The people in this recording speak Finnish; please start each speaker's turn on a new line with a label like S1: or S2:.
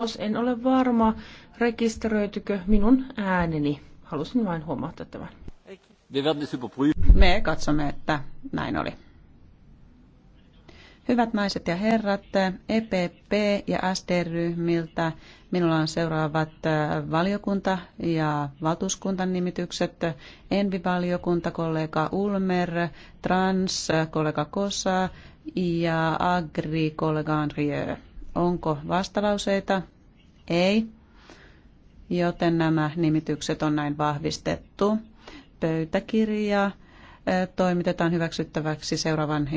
S1: Jos en ole varma, rekisteröitykö minun ääneni. Halusin vain huomauttaa
S2: tämän. Me katsomme, että
S3: näin oli. Hyvät naiset ja herrat, EPP ja SD-ryhmiltä minulla on seuraavat äh, valiokunta- ja valtuuskuntan nimitykset. Envi-valiokunta kollega Ulmer, Trans kollega Kosa ja Agri kollega Andrieu. Onko vastalauseita? Ei. Joten nämä nimitykset on näin vahvistettu. Pöytäkirja toimitetaan hyväksyttäväksi seuraavan